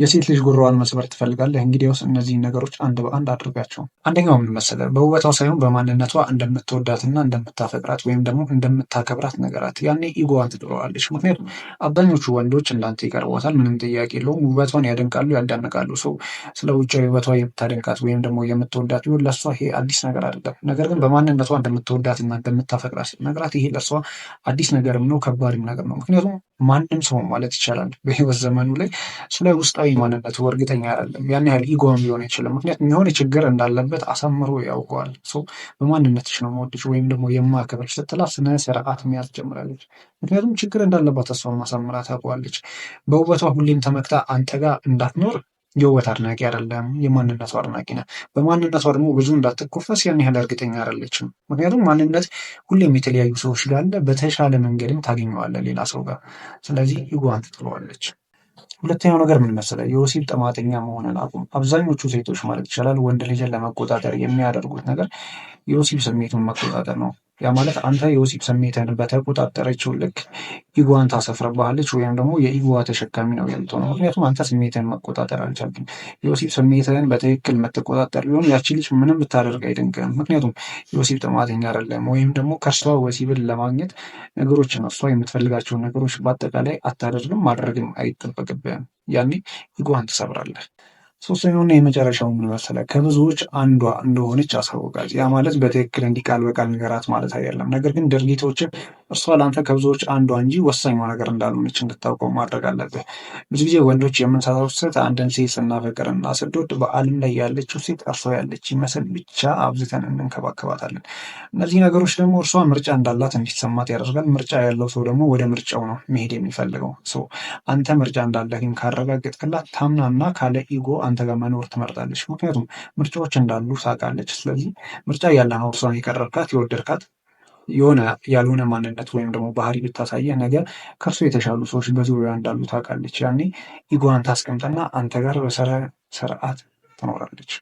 የሴት ልጅ ጉሮዋን መስበር ትፈልጋለህ? እንግዲያውስ እነዚህን ነገሮች አንድ በአንድ አድርጋቸው። አንደኛው ምን መሰለህ? በውበቷ ሳይሆን በማንነቷ እንደምትወዳትና እንደምታፈቅራት ወይም ደግሞ እንደምታከብራት ነገራት። ያኔ ኢጎዋን ትጥለዋለች። ምክንያቱም አብዛኞቹ ወንዶች እንዳንተ ይቀርቦታል፣ ምንም ጥያቄ የለውም። ውበቷን ያደንቃሉ፣ ያዳንቃሉ። ሰው ስለ ውጫዊ ውበቷ የምታደንቃት ወይም ደግሞ የምትወዳት ይሁን ለእሷ ይሄ አዲስ ነገር አይደለም። ነገር ግን በማንነቷ እንደምትወዳትና እንደምታፈቅራት ነገራት። ይሄ ለእሷ አዲስ ነገርም ነው፣ ከባድም ነገር ነው። ምክንያቱም ማንም ሰው ማለት ይቻላል በህይወት ዘመኑ ላይ ስለ ውስጣ ሰብአዊ ማንነቱ እርግጠኛ አይደለም። ያን ያህል ኢጎም ሊሆን አይችልም። ምክንያቱም የሆነ ችግር እንዳለበት አሳምሮ ያውቀዋል። በማንነትሽ ነው የምወድሽ ወይም ደግሞ የማከብርሽ ስትላ ስነ ስርዓት መያዝ ጀምራለች። ምክንያቱም ችግር እንዳለባት እሷን ማሳምራ ታውቀዋለች። በውበቷ ሁሌም ተመክታ አንተ ጋር እንዳትኖር የውበት አድናቂ አይደለም፣ የማንነቷ አድናቂ ነ በማንነቷ ደግሞ ብዙ እንዳትኮፈስ ያን ያህል እርግጠኛ አይደለችም። ምክንያቱም ማንነት ሁሌም የተለያዩ ሰዎች ጋር አለ። በተሻለ መንገድም ታገኘዋለህ ሌላ ሰው ጋር። ስለዚህ ይጓን ትጥለዋለች። ሁለተኛው ነገር ምን መሰለ፣ የወሲብ ጥማተኛ መሆንን አቁም። አብዛኞቹ ሴቶች ማለት ይቻላል ወንድ ልጅን ለመቆጣጠር የሚያደርጉት ነገር የወሲብ ስሜቱን መቆጣጠር ነው። ያ ማለት አንተ የወሲብ ስሜትን በተቆጣጠረችው ልክ ኢጓን ታሰፍርብሃለች ወይም ደግሞ የኢጓ ተሸካሚ ነው ነው። ምክንያቱም አንተ ስሜትን መቆጣጠር አልቻልክም። የወሲብ ስሜትን በትክክል የምትቆጣጠር ቢሆን ያቺ ልጅ ምንም ብታደርግ አይደንቅም። ምክንያቱም የወሲብ ጥማተኛ አይደለም፣ ወይም ደግሞ ከእርሷ ወሲብን ለማግኘት ነው እሷ የምትፈልጋቸውን ነገሮች በአጠቃላይ አታደርግም፣ ማድረግም አይጠበቅብህም። ያኔ ኢጓን ትሰብራለህ። ሶስተኛውና የመጨረሻው ምን ከብዙዎች አንዷ እንደሆነች አሳውቃት። ያ ማለት በትክክል እንዲህ ቃል በቃል ንገራት ማለት አይደለም፣ ነገር ግን ድርጊቶችን እርሷ ለአንተ ከብዙዎች አንዷ እንጂ ወሳኙ ነገር እንዳልሆነች እንድታውቀው ማድረግ አለብህ። ብዙ ጊዜ ወንዶች የምንሳሳው ስህተት አንድን ሴት ስናፈቅር እና ስንወድ በዓለም ላይ ያለችው ሴት እርሷ ያለች ይመስል ብቻ አብዝተን እንንከባከባታለን። እነዚህ ነገሮች ደግሞ እርሷ ምርጫ እንዳላት እንዲሰማት ያደርጋል። ምርጫ ያለው ሰው ደግሞ ወደ ምርጫው ነው መሄድ የሚፈልገው። አንተ ምርጫ እንዳለህ ግን ካረጋገጥክላት ታምናና ካለ ኢጎ አንተ ጋር መኖር ትመርጣለች። ምክንያቱም ምርጫዎች እንዳሉ ታውቃለች። ስለዚህ ምርጫ ያለህ እርሷን የቀረብካት የወደድካት የሆነ ያልሆነ ማንነት ወይም ደግሞ ባህሪ ብታሳየ ነገር ከእርሱ የተሻሉ ሰዎች በዙሪያ እንዳሉ ታውቃለች። ያኔ ኢጓን ታስቀምጠና አንተ ጋር በሰረ ስርዓት ትኖራለች።